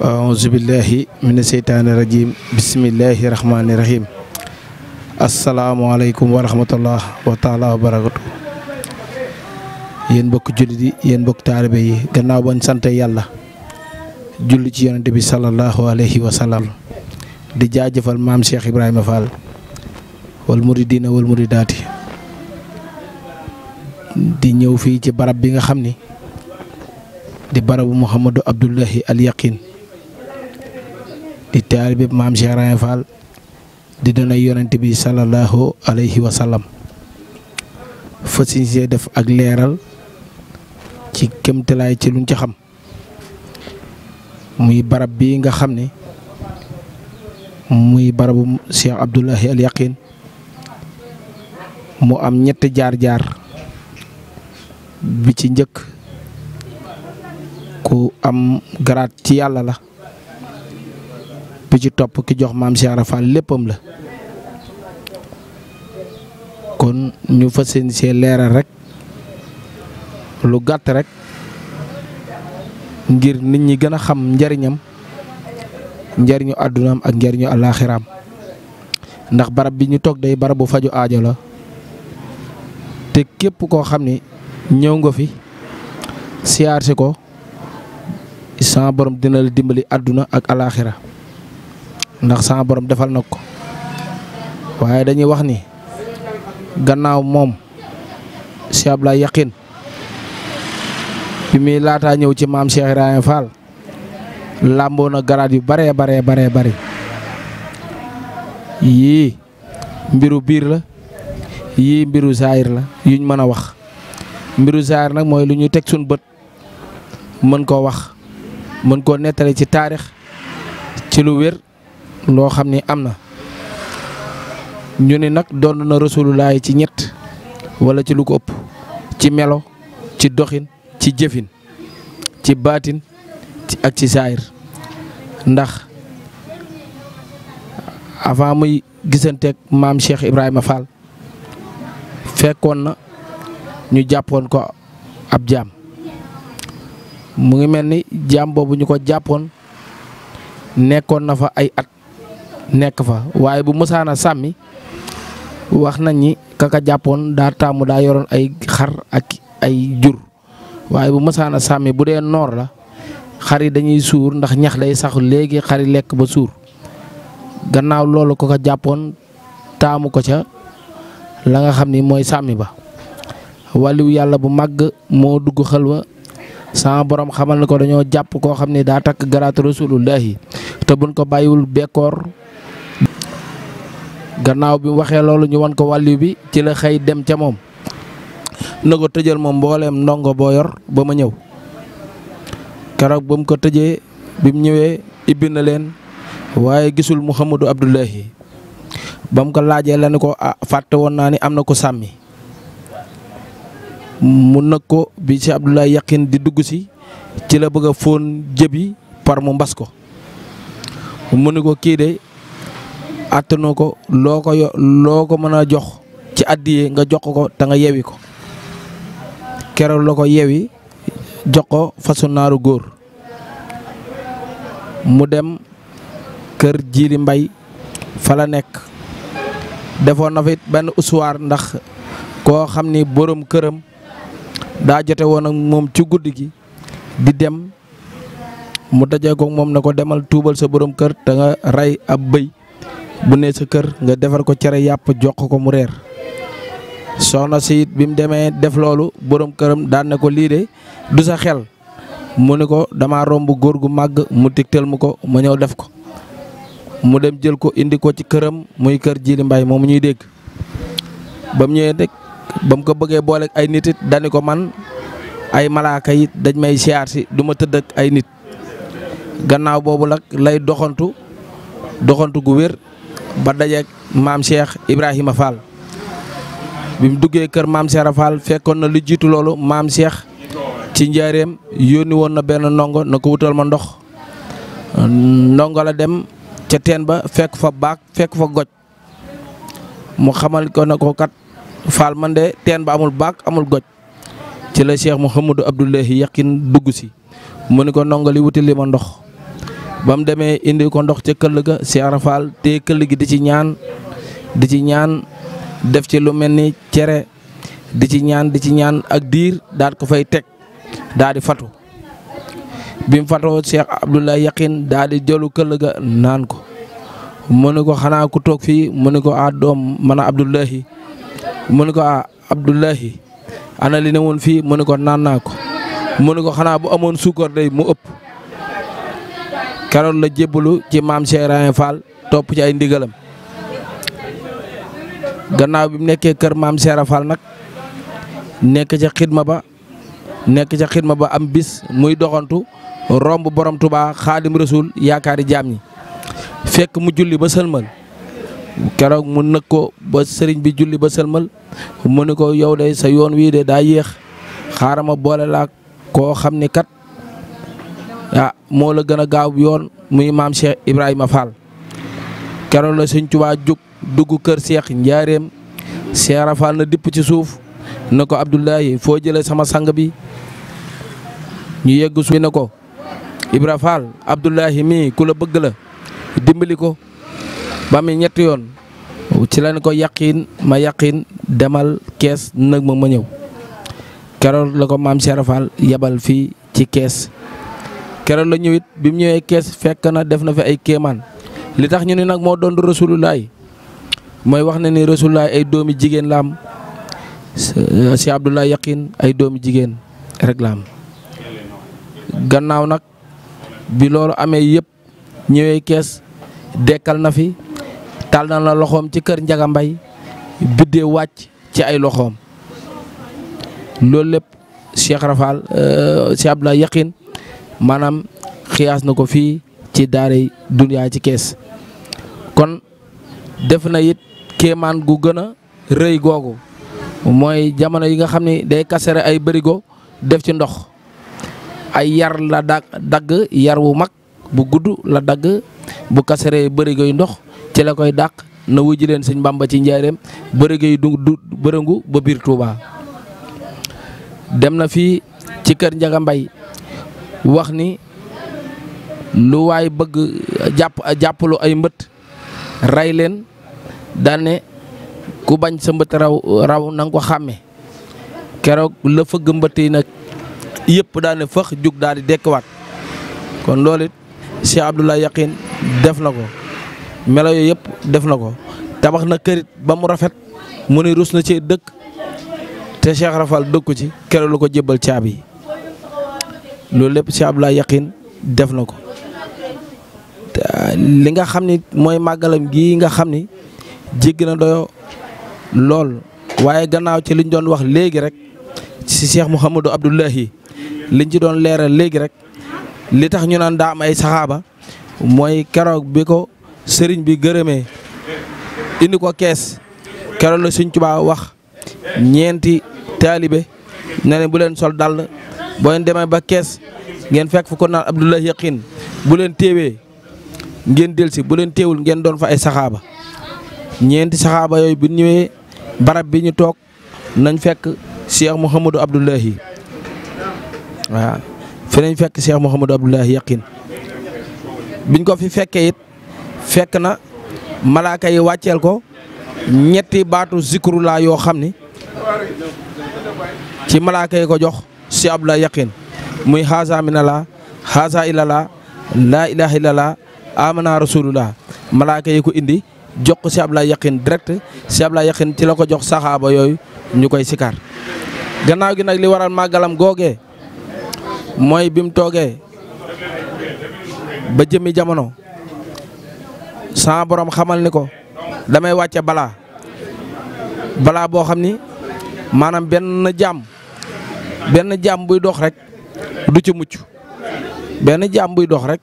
aouzu billahi mina seytaani rajim bismillahi rahmaani rahim asalaamualeykum wa rahmatullah wa taala wa barakatu yéen mbokk jullit yi yéen mbokk taalibe yi gannaaw bañ sante yàlla julli ci yonente bi salallahu alayhi wa sallam di jaajëfal maam Cheikh Ibrahima Fall wal muridina wal muridaati di ñëw fii ci barab bi nga xam ni di barabu Mouhamadou Abdullahi al di taalibe maam Cheikh Ibra Fall di doona yonent bi sallallahu alayhi wa sallam fas def ak leeral ci kémtalaay ci luñ ci xam muy barab bi nga xam ni muy barabu Cheikh Abdoulahi Al mu am ñett jaar-jaar bi ci njëkk ku am garaat ci yàlla la bi ci topp ki jox maam Cheikh a Fall léppam la kon ñu fa yéene see leeral rek lu gàtt rek ngir nit ñi gën a xam njariñam njariñu àddunaam ak njariñu alaaxiraam ndax barab bi ñu toog day barab faju aajo la te képp koo xam ni ñëw nga fi siyaar si ko sa borom dina dimbali àdduna ak alaaxira ndax sama borom defal na ko waaye dañuy wax ni gannaaw moom si Ablaye Yaqin bi muy laataa ñëw ci maam Cheikh Ibrahima Fall làmboo na garaat yu baree baree baree bari yii mbiru biir la yii mbiru saayir la yuñ mën a wax mbiru saayir nag mooy lu ñuy teg suñ bët mën koo wax mën koo nettali ci taarix ci lu wér loo xam ni am na ñu ni nag doon na rasulullaay ci ñett walla ci lu ëpp ci melo ci doxin ci jëfin ci baatin ci ak ci saayir ndax avant muy gisanteek maam Cheikh Ibrahima Fall fekkoon na ñu jàppoon ko ab jaam mu ngi mel ni jaam boobu ñu ko jàppoon nekkoon na fa ay at nekk fa waaye bu mësaana sàmmi wax nañ ni kaka jàppoon daa taamu daa yoroon ay xar ak ay jur waaye bu mësaana sàmmi bu dee noor la xar yi dañuy suur ndax ñax day sax léegi xar lekk ba suur gannaaw loolu ko jàppoon taamu ko ca la nga xam ni mooy sàmmi ba wàlliwu yàlla bu màgg moo dugg xalwa sama boroom xamal na ko dañoo jàpp koo xam ne daa takk garaatu rasulullahi te buñ ko bàyyiwul bekkoor gannaaw bi waxee loolu ñu wan ko wàllu bi ci la xëy dem ca moom na ko tëjal moom mbooleem ndongo boo yor ba ma ñëw keroog ba mu ko tëjee bi mu ñëwee ibbi na leen waaye gisul Mouhamadou Abdoulahi ba mu ko laajee la ne ko ah, fàtte woon naa ni am na ko sàmmi mu nag ko bi ci Abdoulahi yaqin di dugg si ci la bëgg a fóon jëbi par mu mbas ko mu ni ko kii de àttanoo ko loo ko ko mën a jox ci àddiyee nga jox ko te nga yewi ko keroog la ko yewi jox ko fasu naaru góor mu dem kër jiili mbay fala nekk defoo na benn usuwaar ndax koo xam ni borom këram daa jote woon ak moom ci guddi gi di dem mu dajee ko moom na ko demal tuubal sa borom kër te nga rey ab bëy bu ne sa kër nga defar ko cere yàpp jox ko mu reer soxna si it bi mu demee def loolu borom këram daan ne ko lii de du sa xel mu ne ko dama romb góor gu màgg mu tigtal mu ko ma ñëw def ko mu dem jël ko indi ko ci këram muy kër Jili Mbay moom ñuy dégg ba mu ñëwee rek ba mu ko bëggee boole ay nit it dani ko man ay malaaka it dañ may siyaar si du ma tëdd ay nit gannaaw boobu nag lay doxantu doxantu gu wér ba dajeeg maam Cheikh Ibrahima Fall bi duggee kër maam Cheikh Fall fekkoon na lu jiitu loolu maam Cheikh ci njaareem yónni woon na benn ndongo na ko wutal ma ndox ndongo la dem ca teen ba fekk fa baak fekk fa goj mu xamal ko na ko kat Fall man de teen ba amul baak amul goj ci la Cheikh Mouhamadou Abdoulahi Yakhine dugg si mu ni ko ndongo li wutal li ma ndox ba mu demee indi ko ndox ca këll ga Cheikh Ibra te këll gi di ci ñaan di ci ñaan def ci lu mel ni cere di ci ñaan di ci ñaan ak diir daal ko fay teg daal fatu bi mu fatoo Cheikh Abdoulaye Yaqin daal di jëlu këll ga naan ko mu ne ko xanaa ku toog fii mu ne ko a ah, doom man a Abdoulahi mu ne ko a ah, Abdoulahi ana li ne woon fii mu ne naan naa ko mu ne ko xanaa bu amoon suukar day mu ëpp. keroog la jébbalu ci maam Cheikh Ibrahima topp ci ay ndigalam gannaaw bi mu nekkee kër maam Cheikh Ibrahima nag nekk ca xidma ba nekk ca xidma ba am bis muy doxantu romb borom Touba xaadim rasul yaakaari jaam ñi fekk mu julli ba sëlmal keroog mu nëkk ba sëriñ bi julli ba sëlmal mu ni ko yow de sa yoon wii de daa yéex xaaral ma boole laa koo xam ni kat. ah moo la gën a gaaw yoon muy maam Cheikh Ibrahima Fall keroog la sëñ Tuubaa jug dugg kër Cheikh Njaareem Cheikh Fall na dipp ci suuf na ko Abdoulaye foo jëlee sama sang bi ñu yegg suuf ne ko Ibra Fall Abdoulaye mii ku la bëgg la dimbali ko ba mu ñetti yoon ci lañ ko yàqin ma yàqin demal kees nag ma ma ñëw keroog la ko maam Cheikh Fall yebal fii ci kees. keroog la ñëwit bim mu ñëwee kees fekk na def na fi ay kéemaan li tax ñu ne nag moo doon rasulullaay mooy wax na ni rasulullaay ay doomi jigéen la am si Abdoulaye Yaqin ay doomi jigéen rek lam gannaaw nag bi loolu amee yëpp ñëwee kees dekkal na fi tal na loxoom ci kër Njaga Mbay biddee wàcc ci ay loxoom loolu lépp Cheikh Rafal si euh, Abdoulaye Yaqin maanaam xiyaas na ko fii ci daaray duniyaa ci kees kon def na it kéemaan gu gën a rëy googu mooy jamono yi nga xam ni day kasere ay bërigo def ci ndox ay yar la dagg yar wu mag bu gudd la dagg bu kasere bërigo ndox ci la koy dàq na wujji leen sëñ Bàmba ci njaareem bërigo du bërëngu ba biir Tuuba dem na fii ci kër Njaga Mbay wax ni lu waay bëgg jàpp a jàppalu ay mbët rey leen daane ku bañ sa mbët raw raw ko xàmme keroog la fëgg mbët yi nag yëpp daane fëx jug daal di dekkiwaat kon loolu it Cheikh Abdoulaye Yakhine def na ko melo yooyu yëpp def na ko tabax na kërit ba mu rafet mu ni rus na ci dëkk te Cheikh Rafal dëkku ci keroog la ko jébbal caabi yi loolu lépp Cheikh Abdoulaye Yakhine def na ko li nga xam ni mooy màggalam gii nga xam ni jéggi na doyo lool waaye gannaaw ci liñ doon wax léegi rek si Cheikh Mouhamadou Abdoulahi liñ ci doon leera léegi rek li tax ñu naan daa am ay saxaaba mooy keroog bi ko sëriñ bi gërëmee indi ko kees keroog la Sëriñ Tuubaa wax ñeenti taalibe ne ne bu leen sol dal boo leen demee ba kees ngeen fekk fu ko naan Abdoulaye Yaqin bu leen teewee ngeen delsi bu leen teewul ngeen doon fa ay saxaaba ñeenti saxaaba yooyu bu ñëwee barab bi ñu toog nañ fekk Cheikh Mouhamadou Abdoulahi waaw fi nañ fekk Cheikh Mouhamadou Abdoulahi Yaqin biñ ko fi fekkee fekk na malaaka yi wàcceel ko ñetti baatu zikrulaa yoo xam ni ci malaaka yi ko jox si abdoulaye yaqin muy haasa mina la haasa ila la laa ilaha illa la amana rasulullah malaaka yi ko indi jox ko si abdoulaye yaqin direct si abdoulaye yaqin ci la ko jox saxaaba yooyu ñu koy sikar gannaaw gi nag li waral màggalam googee mooy bi toogee ba jëmi jamono sama borom xamal ni ko damay wàcce balaa balaa boo xam ni maanaam benn jaam benn jaam buy dox rek du ci mucc benn jaam buy dox rek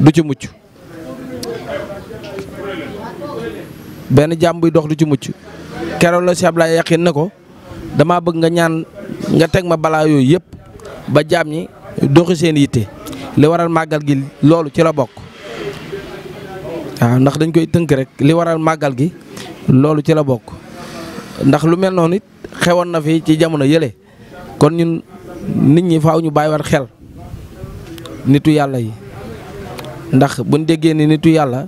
du ci mucc benn jaam buy dox du ci mucc keroog la si Ablaye yaqin na ko damaa bëgg nga ñaan nga teg ma balaa yooyu yëpp ba jaam yi doxi seen yitte li waral màggal gi loolu ci la bokk waaw ndax dañ koy tënk rek li waral màggal gi loolu ci la bokk ndax lu mel noonu it xewoon na fi ci jamono yële kon ñu nit ñi faaw ñu bàyyi war xel nitu yàlla yi ndax buñ déggee ni nitu yàlla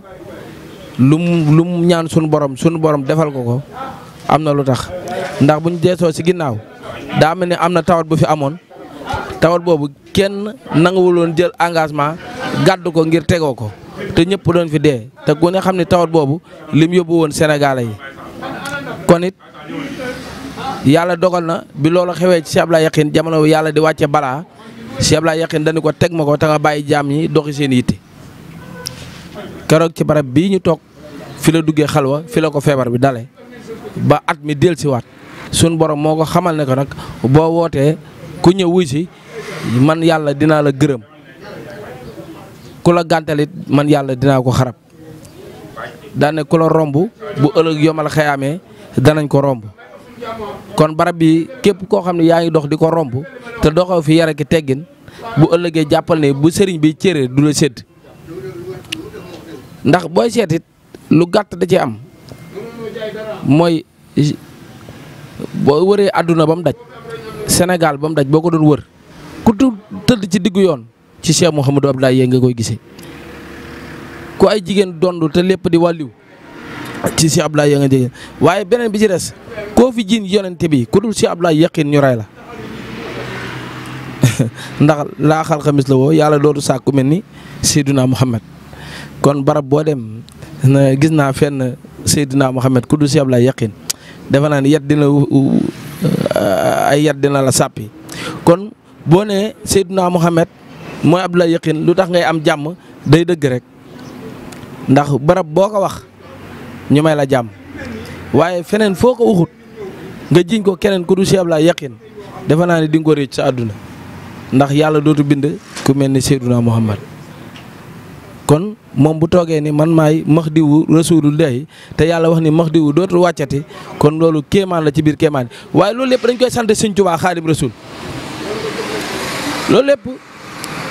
lu mu ñaan sunu borom sunu borom defal ko ko am na lu tax ndax buñ deesoo ci ginnaaw daa mel ni am na tawat bu fi amoon tawat boobu kenn nanguwuloon jël engagement gàdd ko ngir tegoo ko te ñëpp doon fi dee te ku ne xam ne tawat boobu lim yóbbu woon yi kon yàlla dogal na bi loolu xewee ci Cheikh Abdoulaye Yakhine jamono yàlla di wàcce balaa Cheikh Abdoulaye Yakhine ko teg ma ko te nga bàyyi jaam yi doxi seen yitte keroog ci barab bii ñu toog fi la duggee xalwa fi la ko feebar bi dale ba at mi dellusiwaat sun boroom moo ko xamal ne ko nag boo wootee ku ñëw wuy si man yàlla dinaa la gërëm ku la gàntalit man yàlla dinaa ko xarab daane ku romb bu ëllëg yomal xayaamee danañ ko romb kon barab bi képp koo xam ne yaa ngi dox di ko romb te doxaw fi yara ki teggin bu ëllëgee jàppal ne bu sëriñ bi céré du la sedd ndax booy seetit lu gàtt da ci am mooy boo wëree àdduna ba mu daj Sénégal ba mu daj boo ko doon wër ku tëdd ci diggu yoon ci Cheikh Mouhamadou Abdoulaye nga koy gisee ku ay jigéen dond te lépp di wàlliw ci Cheikh Abdoulaye ya nga dégg waaye beneen bi ci des koo fi jiin yonente bi ku dul Cheikh Abdoulaye yaqin ñu la ndax laa xal xamis la woo yàlla dootu sàkku mel ni Seydina Muhammad kon barab boo dem gis naa fenn Seydina Muhammad ku dul Cheikh Abdoulaye yaqin defe naa ne yat dina ay yat dina la sàppi kon boo nee Seydina Muhammad mooy abla yaqin lu tax ngay am jàmm day dëgg rek ndax barab boo ko wax. ñu may la jàmm waaye feneen foo ko uxut nga jiñ ko keneen ku du Cheikh Ablaye yaqin defe naa ne di nga récc sa àdduna ndax yàlla dootu bind ku mel ni Seyduna Muhammad kon moom bu toogee ni man may max maay maxdiwu rasulullahi te yàlla wax ni max diwu dootul wàccati kon loolu kemaan la ci biir kéemaan waaye loolu lépp dañ koy sant Sëñ Tuubaa Xaadim Rasul loolu lépp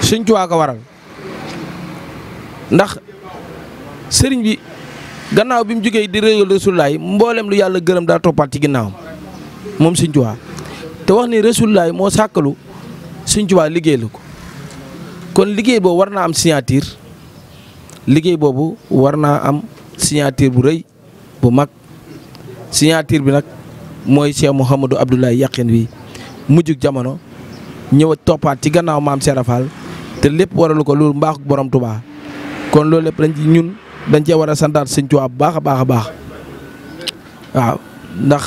Sëñ Tuubaa ko waral ndax sëriñ bi. gannaaw bi mu jógee di régal résulaay mboolem lu yàlla gërëm daa toppaat ci ginnaawam moom Sëñ te wax ni Rasulullaay moo sàkkalu Sëñ Tuubaa liggéey la ko kon liggéey boobu war naa am signature liggéey boobu war naa am signature bu rëy bu mag signature bi nag mooy Cheikh Mouhamadou Abdoulaye Yakhine bi mujjug jamono ñëw a toppaat ci gannaaw maam Serafal te lépp waralu ko loolu mbaaxu borom tubaa kon loolu lépp dañ ñun. dañ cee war a santaat sëñ Tuubaa bu baax a baax a baax waaw ndax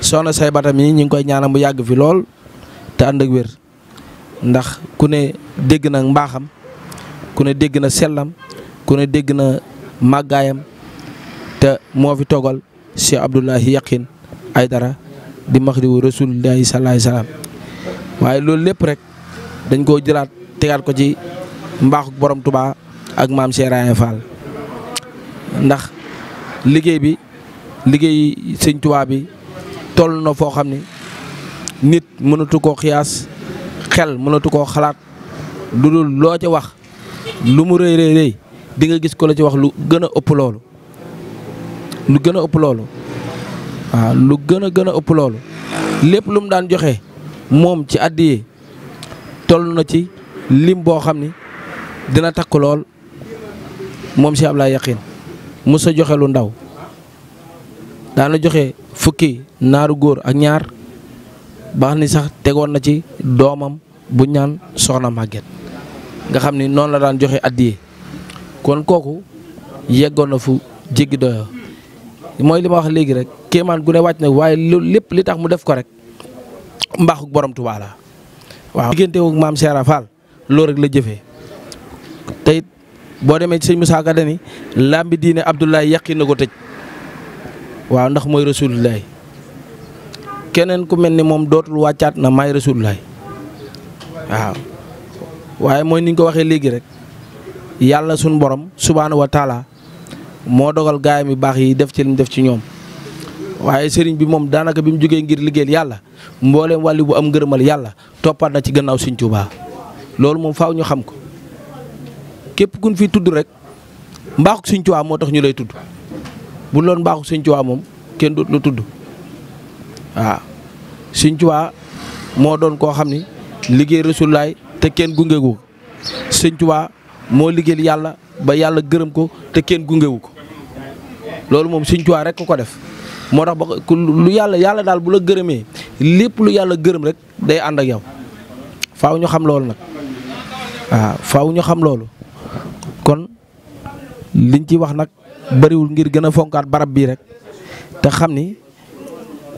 soona say batam yi ñu ngi koy ñaanal mu yàgg fi lool te ànd ak wér ndax ku ne dégg na mbaaxam ku ne dégg na sellam ku ne dégg na màggaayam te moo fi togal Cheikh Abdoulahi ay dara di maxdiwu rasulillahi sallallahu alayhi waaye loolu lépp rek dañ koo jëlaat tegaat ko ci mbaaxu borom tubaa ak maam Cheikh Raye ndax liggéey bi liggéey sëñ Tuubaa bi toll na foo xam ni nit mënatu koo xiyaas xel mënatu koo xalaat lu dul loo ci wax lu mu rëy rëy rëy nga gis ko la ci wax lu gën a ëpp loolu lu gën a ëpp loolu waaw lu gën a gën a ëpp lépp lu mu daan joxe moom ci àddiyee toll na ci lim boo xam ni dina takk lool moom si Ablaay Yaqiin mos sa joxe lu ndaw daana joxe fukki naaru góor ak ñaar baax ni sax tegoon na ci doomam bu ñaan soxna màgget nga xam ni noonu la daan joxe addiye kon kooku yeggoon na fu jéggi doyo mooy li ma wax léegi rek kéemaan gu ne wàcc na waaye loolu lépp li tax mu def ko rek mbaaxu borom Tuubaa la waaw diggante maam Cheikh Ibra Fall loolu rek la jëfee tey boo demee ci sëñ Moussa Ka dani làmbi diine Abdoulaye yàqi na ko tëj waaw ndax mooy rasulullaay keneen ku mel ni moom dootul wàccaat na may rasulullaay waaw waaye mooy ni ko waxee léegi rek yàlla suñ borom subhaana wa taala moo dogal gaayam yu baax yi def ci lim def ci ñoom waaye sëriñ bi moom daanaka bi mu jógee ngir liggéeyal yàlla mbooleem wàlli bu am ngërëmal yàlla toppaat na ci gannaaw sëñ baax loolu moom faaw ñu xam ko képp kuñ fi tudd rek mbaaxuk Sëñ Tuubaa moo tax ñu lay tudd bu loon mbaaxuk Sëñ Tuubaa moom kenn dootu tudd waaw Sëñ moo doon koo xam ni liggéey Rasulullaay te kenn gungewu ko Sëñ Tuubaa moo liggéeyal yàlla ba yàlla gërëm ko te kenn gungewu ko loolu moom Sëñ Tuubaa rek ko ko def moo tax ba lu yàlla yàlla daal bu la gërëmee lépp lu yàlla gërëm rek day ànd ak yow faw ñu xam loolu nag waaw faaw ñu xam loolu liñ ci wax nag bariwul ngir gën a fonkaat barab bii rek te xam ni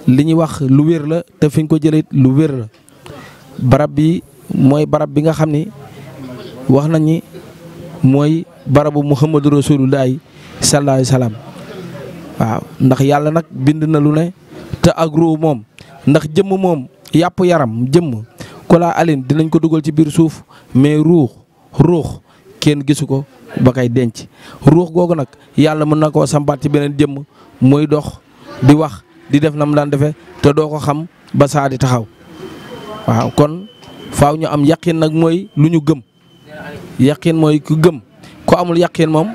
li ñuy wax lu wér la te fi ñu ko jëlee lu wér la barab bi mooy barab bi nga xam ni wax nañ ni mooy barabu muhammadu rasulullahi sallallahu alayhi wasallam waaw ndax yàlla nag bind na lu ne te ak ruu moom ndax jëmm moom yàpp yaram jëmm kola alin dinañ ko dugal ci biir suuf mais ruux ruux kenn gisu ko ba kay denc ruux googu nag yàlla mën na koo sampaat ci beneen jëmm muy dox di wax di def na mu daan defe te doo ko xam ba saa di taxaw waaw kon faaw ñu am yaqin nag mooy lu ñu gëm yaqin mooy ku gëm ku amul yaqin moom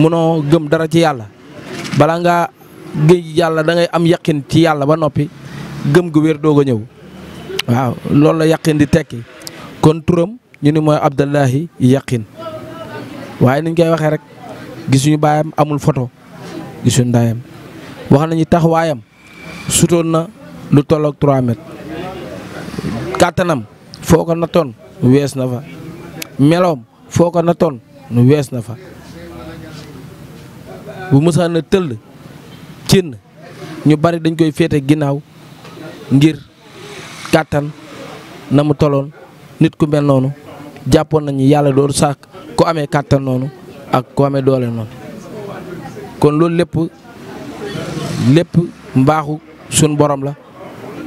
mënoo gëm dara ci yàlla balaa ngaa géej yàlla da ngay am yaqin ci yàlla ba noppi gëm gu wéer doog a ñëw waaw loolu la yaqin di tekki kon turam ñu ni mooy Abdallahi yaqin waaye niñ koy waxee rek gisuñu baayam amul photo gisuñu ndaayam wax nañu taxawaayam sutoon na lu tolloog 3 mètres kàttanam foo ko nattoon wees na fa meloom foo ko nattoon nu wees na fa bu mësaan na tëll cin ñu bari dañ koy féete ginnaaw ngir kàttan na mu toloon nit ku mel noonu jàppoon nañu yàlla dooru sàkk ko amee kàttan noonu ak ko amee doole noonu kon loolu lépp lépp mbaaxu suñ borom la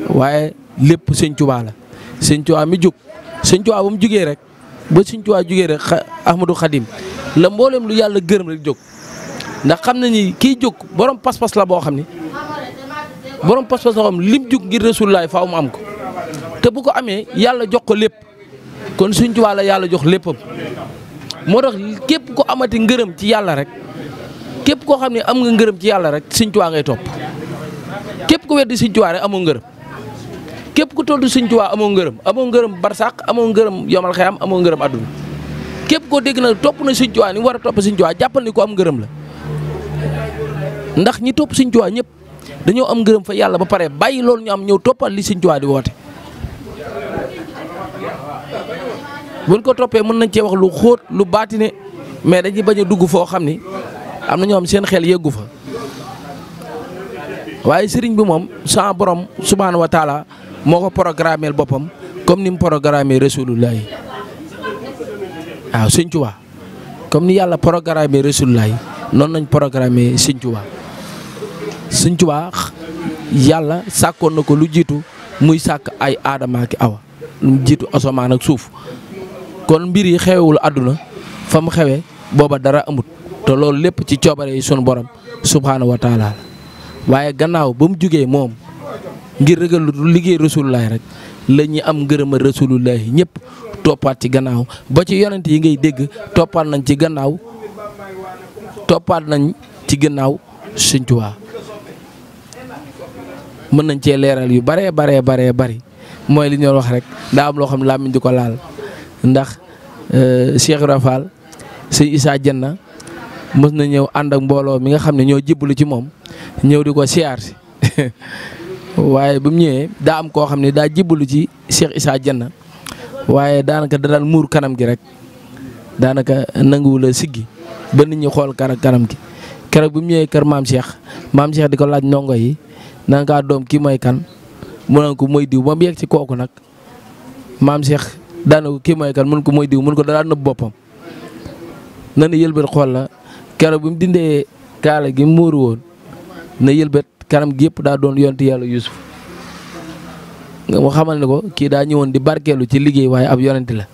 waaye lépp sëñ la sëñ mi jóg sëñ Tuubaa ba mu jugee rek ba sëñ Tuubaa jugee rek Ahmadou Khadim la mboolem lu yàlla gërëm rek jóg ndax xam na ni kiy jóg borom pas-pas la boo xam ni borom pas-pas la boo xam lim jóg ngir Rasulullaay faaw mu am ko te bu ko amee yàlla jox ko lépp. kon suñ Tuubaa la yàlla jox léppam moo tax képp ko amati ngërëm ci yàlla rek képp koo xam ne am nga ngërëm ci yàlla rek suñ Tuubaa ngay topp képp ko weddi suñ Tuubaa rek amoo ngërëm képp ku tontu suñ Tuubaa amoo ngërëm amoo ngërëm barsàq amoo ngërëm yomal xeyam amoo ngërëm àdduna képp koo dégg na topp na suñ Tuubaa ni war a topp suñ Tuubaa jàppal ni ko am ngërëm la ndax ñi topp suñ Tuubaa ñëpp dañoo am ngërëm fa yàlla ba pare bàyyi loolu ñu am ñëw toppal li suñ di woote buñ ko toppee mën nañ cee wax lu xóot lu baatine mais dañuy bañ a dugg foo xam ni am na ñoo seen xel yëggu fa waaye sëriñ bi moom sa borom subhaana wa moo ko programmeel boppam comme ni mu programmé rasulullah yi waaw sëñ comme ni yàlla programmé rasulullah noonu nañ programmé sëñ Tuubaa sëñ yàlla sàkkoon na ko lu jiitu muy sàkk ay aadama ak awa lu jiitu asamaan ak suuf kon mbir yi xewewul àdduna fa mu xewe booba dara amut te loolu lépp ci coobare yi sunu borom subhaanahu wa waaye gannaaw ba mu jógee moom ngir rëgal liggéey rasulullaahi rek lañuy am ngërëm a rasulullaahi ñëpp toppaat ci gannaaw ba ci yonent yi ngay dégg toppaat nañ ci gannaaw toppaat nañ ci gannaaw Sëñ mën nañ cee leeral yu baree baree baree bari mooy li ñu wax rek daa am loo xam làmmiñ di ko laal ndax euh, Cheikh Ibra Fall sëñ Issa Dienne mës na ñëw ànd ak mbooloo mi nga xam ne ñoo jébbalu ci moom ñëw di ko siyaar si waaye bu mu ñëwee daa am koo xam ne daa jébbalu ci Cheikh Issa na waaye daanaka da daan muur kanam gi rek daanaka nanguwul a siggi ba nit ñi xool kara kanam gi keroog bu mu ñëwee kër maam Cheikh di ko laaj ndongo yi naan kaa doom ki moy kan mu ne ko moy diw ba mu yegg ci kooku nag maam Cheikh. daana ko kii mooy kan mun ko mooy diw mun ko daa nëbb boppam na ne yëlbët xool la keroog bi mu dindee kaala gi mu muuru woon na yëlbët karam gi yëpp daa doon yonti yàlla Yuusuf nga mu xamal ne ko kii daa ñëwoon di barkeelu ci liggéey waaye ab yonenti la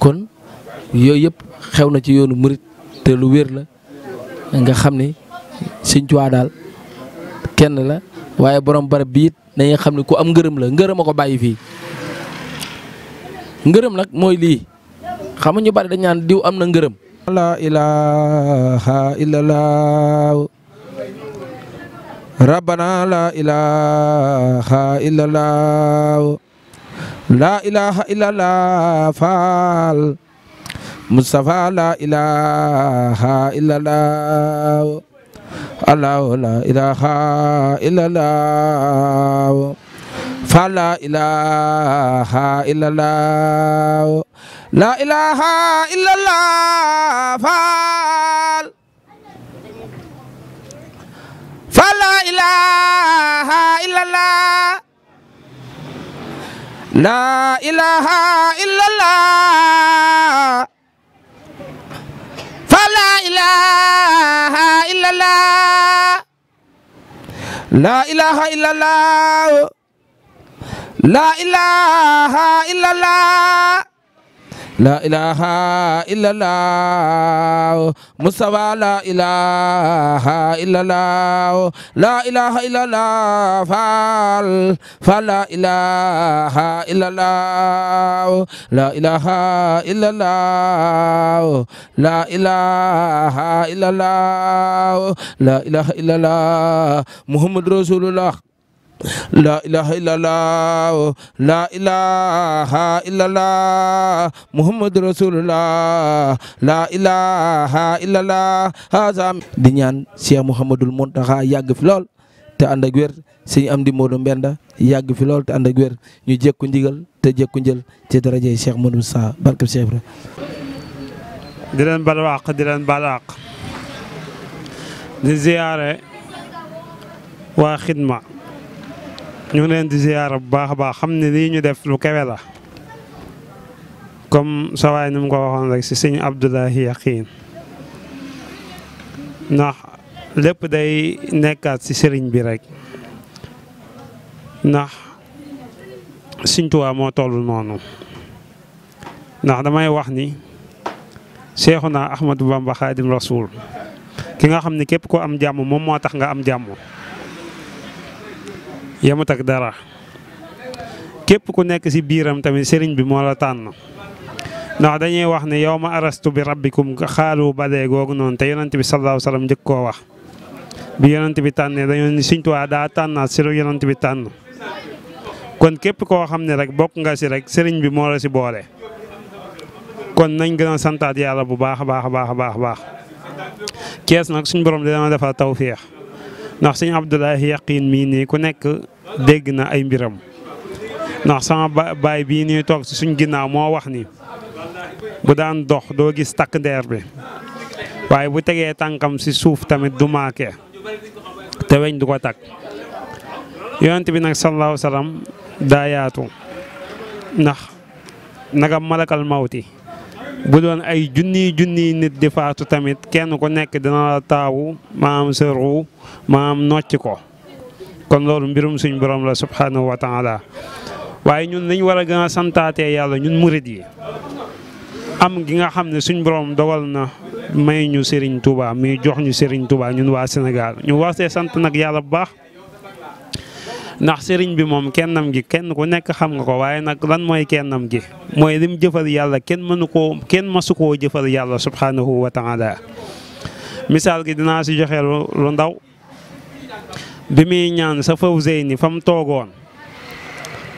kon yooyu yëpp xew na ci yoonu murit te lu wér la nga xam ni Sëñ daal kenn la waaye borom barab biit it nañu xam ne ko am ngërëm la ngërëma ko bàyyi fii ngërëm nag mooy lii xam ñu bari dañ naan diw am na ngërëm. laa ilaaha illallah rabbana laa ilaaha illallah laa ilaaha illallah faal Mustafa laa ilaaha illallah allahu laa ilaaha illallah فلا إله إلا الله لا إله إلا الله فال فلا إله إلا الله لا إله إلا الله فلا إله إلا الله لا إله إلا الله laa ilaaha illallah laa ilaaha illallah mustafa laa ilaaha illallah laa ilaaha illallah faal faal laa ilaaha illallah laa ilaaha illallah laa ilaaha illallah laa ilaaha illallah muhammad rasulullah la ilaha illallah la rasulullah la ilaha illallah hazam di ñaan Cheikh Mouhamadul Mountakha yàgg fi lool te ànd ak wér Amdi Modou Mbenda yàgg fi lool te ànd ak ñu jékku ndigal te jékku njël ci darajay Cheikh Modou Moussa barkab Cheikh Ibra di leen balwaaq di di ziyaare waa xidma ñu ngi leen di bu baax a baax xam ne lii ñu def lu kawe la comme sa waay ni mu ko waxoon rek si sëñ Abdoulahi Yaqiin ndax lépp day nekkaat si sëriñ bi rek ndax sëñ Tuubaa moo toll noonu ndax damay wax ni Seexuna Ahmadu Bamba Xaadim Rasuul ki nga xam ne képp ko am jàmm moom moo tax nga am jàmm yemut ak dara képp ku nekk si biiram tamit sëriñ bi moola tànn ndax dañuy wax ne yow ma arastu bi rabbikum xaalu balee googu noonu te yonent bi sallallahu alayhi wasallam njëkk koo wax bi yonent bi tànnee dañoo ni Sëriñ Tuubaa daa tànnaat si lu bi tànn kon képp koo xam ne rek bokk nga si rek sëriñ bi moo la si boole kon nañ gën a santaat yàlla bu baax a baax a baax a baax baax Cees nag suñ borom dina defal tawféex ndax suñ Abdoulaye Yaqin mii nii ku nekk dégg na ay mbiram ndax sama baay bii nii toog ci suñ ginnaaw moo wax ni bu daan dox doo gis takk ndeer bi waaye bu tegee tànkam ci suuf tamit du maake te weñ du ko takk yonent bi nag sallallahu salaam daa ndax nagam malakal mawti bu doon ay junniy junniy nit di faatu tamit kenn ku nekk dina la taawu maam sëru maam nocc ko kon loolu mbirum suñ borom la subhanahu wa taala waaye ñun nañ war a gën a santaatee yàlla ñun murid yi am gi nga xam ne suñ borom dogal na may ñu Serigne Touba muy jox ñu Serigne Touba ñun waa Sénégal ñu waasee sant nag yàlla bu baax ndax Serigne bi moom kennam gi kenn ku nekk xam nga ko waaye nag lan mooy kenn nam gi mooy lim jëfal yàlla kenn mënu koo kenn masu koo jëfal yàlla subhanahu wa taala misaal gi dinaa si joxe lu ndaw bi muy ñaan sa faw zeyni fa mu toogoon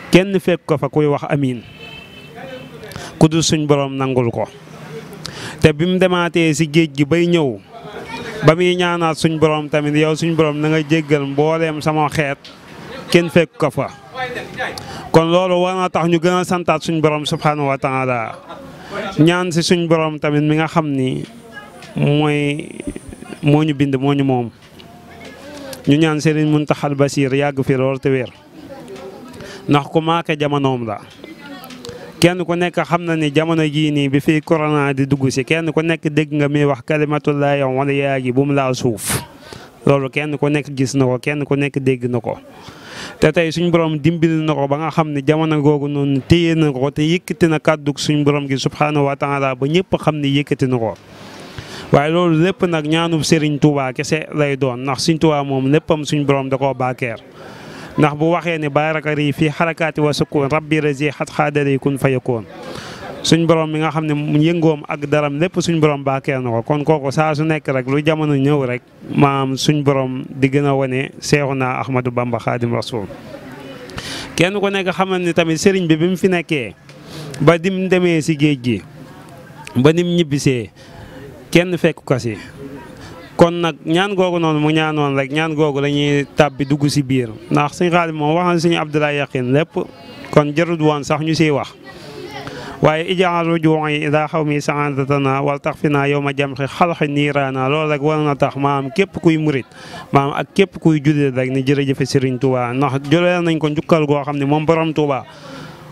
kenn fekk ko fa kuy wax amiin ku dul suñ borom nangul ko te bi mu demaatee si géej gi bay ñëw ba muy ñaanaat suñ borom tamit yow suñ borom na nga jéggal mbooleem sama xeet kenn fekk ko fa kon loolu war na tax ñu gën a santaat suñ borom subhanahu wa taala ñaan si suñ borom tamit mi nga xam ni mooy moo ñu bind moo ñu moom ñu ñaan ta xal Bachir yàgg fi lool te wér ndax ku maake jamonoom la kenn ku nekk xam na ni jamono jii nii bi fi corona di dugg si kenn ku nekk dégg nga muy wax kalimatullahi wala yaa gi bu mu laal suuf loolu kenn ku nekk gis na ko kenn ku nekk dégg na ko. te tey suñ borom dimbil na ko ba nga xam ne jamono googu noonu téye na ko te yëkkati na kàddu suñ borom gi subxanahu wa taala ba ñëpp xam ne yëkkati na ko. waaye loolu lépp nag ñaanub Serigne Touba kese lay doon ndax suñ Touba moom léppam suñu borom da koo baakeer ndax bu waxee ne baarakari fii xarakaati wa sukkoon rabbi razi xat xaadari kun fayakoon suñ borom mi nga xam ne yëngoom ak daram lépp suñ borom baakeer na ko kon kooku saa su nekk rek lu jamono ñëw rek maam suñ borom di gën a wane Seexuna Ahmadou Bamba Xaadim Rasul kenn ku nekk xamal ni tamit sëriñ bi bi mu fi nekkee ba dim demee si géej gi ba nim ñibbisee kenn fekk ko si kon nag ñaan googu noonu mu ñaanoon rek ñaan googu la ñuy tàbbi dugg si biir ndax suñu xaalis moom wax na suñu Abdoulaye Yaqin lépp kon jarut woon sax ñu siy wax. waaye ijaan rujuu'i ilaa xawmi sa'aadatana wal tax fi naa yow ma jam xi xalxi niiraana lool rek war na tax maam képp kuy murit maam ak képp kuy jullit rek ni jërëjëfe Serigne Touba ndax jëlee nañ ko njukkal goo xam ne moom borom Touba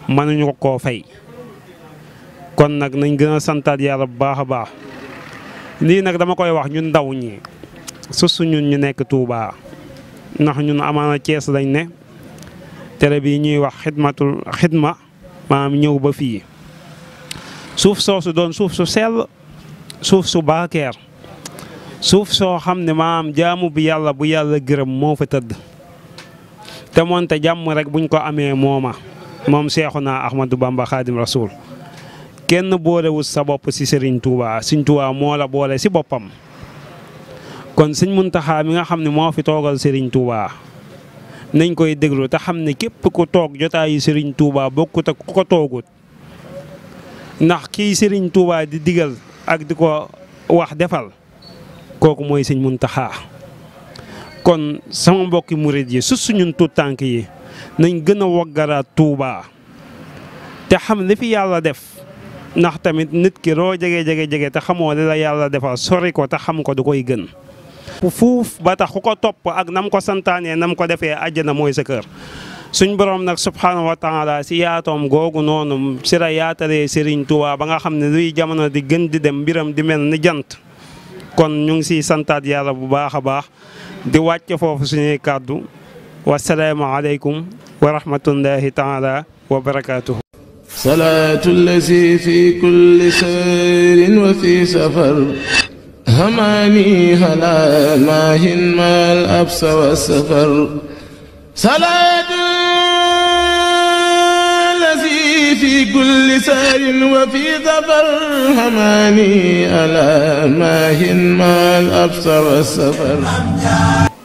mënuñu ko koo fay kon nag nañ gën a santaat yàlla bu baax a baax. lii nag dama koy wax ñun ndaw ñi su ñun ñu nekk Touba ndax ñun amaana Cees lañ ne tere bi ñuy wax xidmatul xidma maanaam ñëw ba fii suuf soosu doon suuf su sell suuf su baakeer suuf soo xam ne maam jaamu bi yàlla bu yàlla gërëm moo fa tëdd te moonte jàmm rek buñ ko amee mooma moom seexu naa Ahmadou Bamba Xaadim Rasuul kenn boolewul sa bopp si sëriñ Touba Serigne Touba moo la boole si boppam kon Sëñ Muntaxa mi nga xam ne moo fi toogal Serigne Touba nañ koy déglu te xam ne képp ku toog jotaayu sëriñ Touba bokkut ak ku ko toogut ndax kii sëriñ Touba di digal ak di ko wax defal kooku mooy Sëñ Muntaxa kon sama mbokki murid yi su suñun tànk yi nañ gën a waggaraat Touba te xam li fi yàlla def. ndax tamit nit ki loo jege jege jege te xamoo li la yàlla defal sori ko te xam ko du koy gën. fuuf ba tax ku ko topp ak nam ko santaanee nam ko defee àjjana mooy sa kër suñ borom nag subhaanahu wa taala si yaatoom googu noonu si la yaatalee Serigne Touba ba nga xam ne luy jamono di gën di dem mbiram di mel ni jant. kon ñu ngi siy santaat yàlla bu baax a baax di wàcc foofu suñuy kàddu wasalaamaaleykum wa rahmatullahi taala wa barakaatuhu. salaatu lazi fi kulli sayrin wa fi safar hamaani halal maahin maal absa wa safar salaatu lazi fi kulli sayrin wa fi safar hamaani halal maahin maal absa wa safar